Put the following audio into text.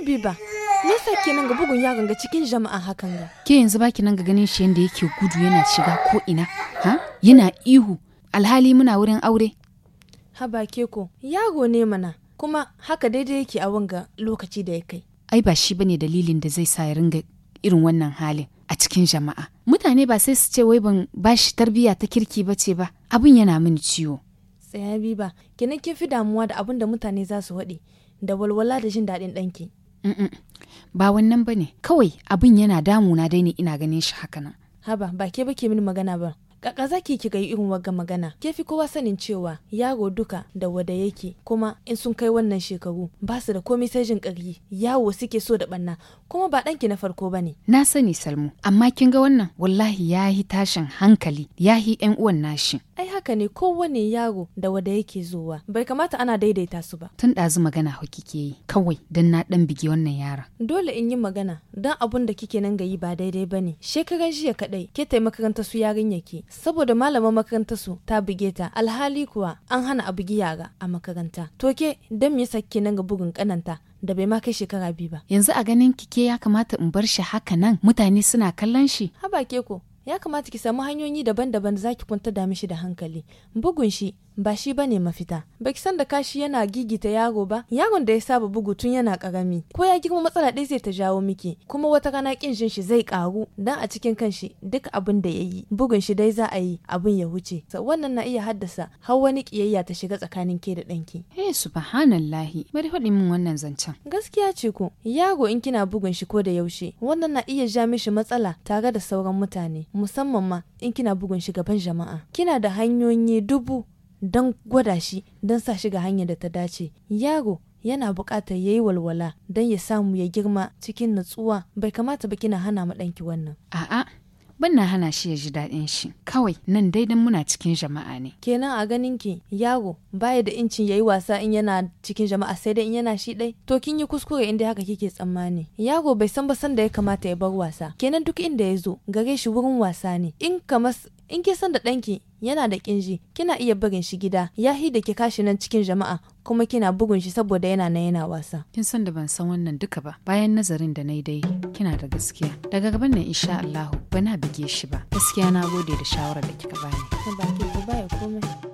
wai biba me yasa kenan ga bugun yaron ga cikin jama'a hakan ga ke yanzu baki nan ga ganin shi yanda yake gudu yana shiga ko ina ha yana ihu alhali muna wurin aure haba ke ko yaro ne mana kuma haka daidai yake a wanga lokaci da ya kai ai ba shi bane dalilin da zai sa ya ringa irin wannan halin a cikin jama'a mutane ba sai su ce wai ban bashi tarbiyya ta kirki ba ce ba abin yana min ciwo tsaya biba kenan kin fi damuwa da abin da mutane za su waɗe da walwala da jin daɗin ɗanki ba wannan ba ne. kawai abin yana damuna dai ne ina ganin shi haka nan. haba ba ke ba ke mini magana ba Ƙaƙa za ki yi irin wagga magana ke fi kowa sanin cewa yaro duka da wada yake kuma in sun kai wannan shekaru ba su da komai sai jin ƙarfi yawo suke so da ɓanna, kuma ba ɗanki na farko ba ne na sani salmu amma kin ga wannan wallahi yahi tashin hankali ya yi yan uwan nashi ai haka ne kowane yaro da wada yake zuwa bai kamata ana daidaita su ba tun ɗazu magana kike yi kawai don na ɗan bigi wannan yara dole in yi magana don abun da kike nan ga yi ba daidai ba ne shekaran jiya kaɗai ke tai makarantar su yarin ke saboda malaman makarantar su ta buge ta alhali kuwa an hana a bugi yara a makaranta to ke don me yasa nan ga bugun kananta da bai ma kai shekara biyu ba. Yanzu a ganin kike ya kamata in bar shi haka nan mutane suna kallon shi. Haba ke ko ya kamata ki samu hanyoyi daban-daban da za ki kwanta da mishi da hankali bugun shi ba shi bane mafita baki san da kashi yana gigita yaro ba yaron da ya saba bugu tun yana karami ko ya girma matsala ɗaya zai ta jawo miki kuma wata rana kin jin shi zai karu dan a cikin kanshi duk abin da yayi bugun shi dai za a yi abin ya wuce wannan na iya haddasa har wani kiyayya ta shiga tsakanin ke da danki. eh subhanallahi bari faɗi min wannan zancen gaskiya ce ko yaro in kina bugun shi ko da yaushe wannan na iya ja mishi matsala tare da sauran mutane musamman ma in kina bugun shi gaban jama'a kina da hanyoyi dubu don gwada shi don sa shi ga hanyar da ta dace yaro yana buƙatar ya yi walwala don ya samu ya girma cikin natsuwa bai kamata ba kina hana ma ɗanki wannan a'a ban na hana shi ya ji daɗin shi kawai nan dai dan muna cikin jama'a ne kenan a ganin ki yaro baya da incin yi wasa in yana cikin jama'a sai dai in yana shi ɗai to kin yi kuskure inda haka kike tsammani yaro bai san ba san da ya kamata ya bar wasa kenan duk inda ya zo gare shi wurin wasa ne in kamar in san da ɗanki yana da kinji kina iya bugun shi gida ya da ki kashi nan cikin jama'a kuma kina bugun shi saboda yana na yana wasa kin san da ban san wannan duka ba bayan nazarin da nayi dai kina da gaskiya daga gaban nan insha Allah bana bige shi ba gaskiya na gode da shawara da kika bani ba ki ba komai